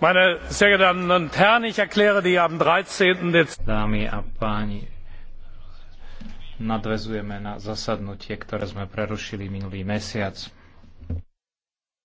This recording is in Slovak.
Meine sehr geehrten Damen und Herren, ich erkläre die am nadvezujeme na zasadnutie, ktoré sme prerušili minulý mesiac.